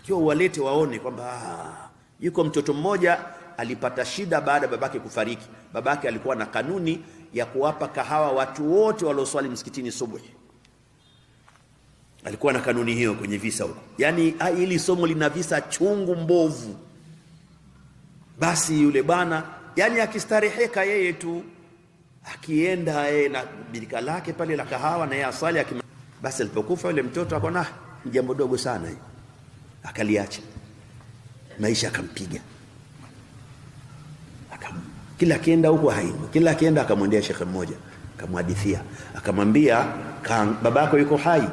takiwa uwalete waone kwamba ah, yuko mtoto mmoja alipata shida baada ya babake kufariki. Babake alikuwa na kanuni ya kuwapa kahawa watu wote walioswali msikitini subuhi. Alikuwa na kanuni hiyo kwenye visa huko, yaani ah, hili somo lina visa chungu mbovu. Basi yule bwana yani akistareheka yeye tu akienda yeye na birika lake pale la kahawa, na yeye asali. akima. Basi alipokufa yule mtoto akona, ni jambo dogo sana hiyo akaliacha, maisha akampiga akam, kila kienda huko haimu, kila kienda akamwendea shekhe mmoja akamhadithia, akamwambia babako yuko hai,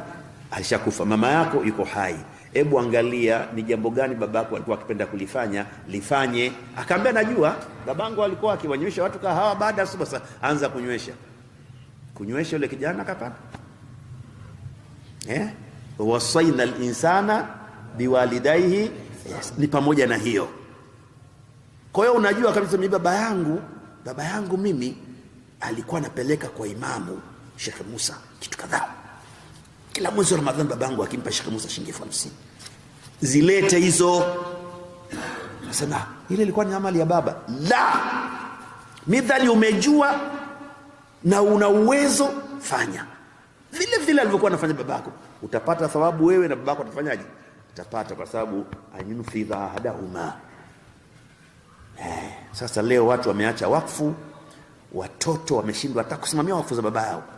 alishakufa. Mama yako yuko hai, hebu angalia ni jambo gani babako alikuwa akipenda kulifanya, lifanye. Akaambia najua babangu alikuwa akiwanywesha watu kahawa baada ya sasa anza kunywesha kunywesha. Yule kijana kapata eh, wasaina linsana biwalidaihi ni pamoja na hiyo. Kwa hiyo unajua kabisa mimi baba yangu baba yangu mimi alikuwa anapeleka kwa imamu Sheikh Musa kitu kadhaa kila mwezi wa Ramadhani, baba yangu akimpa Sheikh Musa shilingi elfu hamsini zilete hizo. Nasema ile ilikuwa ni amali ya baba. La, midhali umejua na una uwezo, fanya vile vile alivyokuwa anafanya babako, utapata thawabu wewe na babako atafanyaje? atapata kwa sababu anyunfidha ahadahuma. Eh, sasa leo watu wameacha wakfu, watoto wameshindwa hata kusimamia wakfu za baba yao.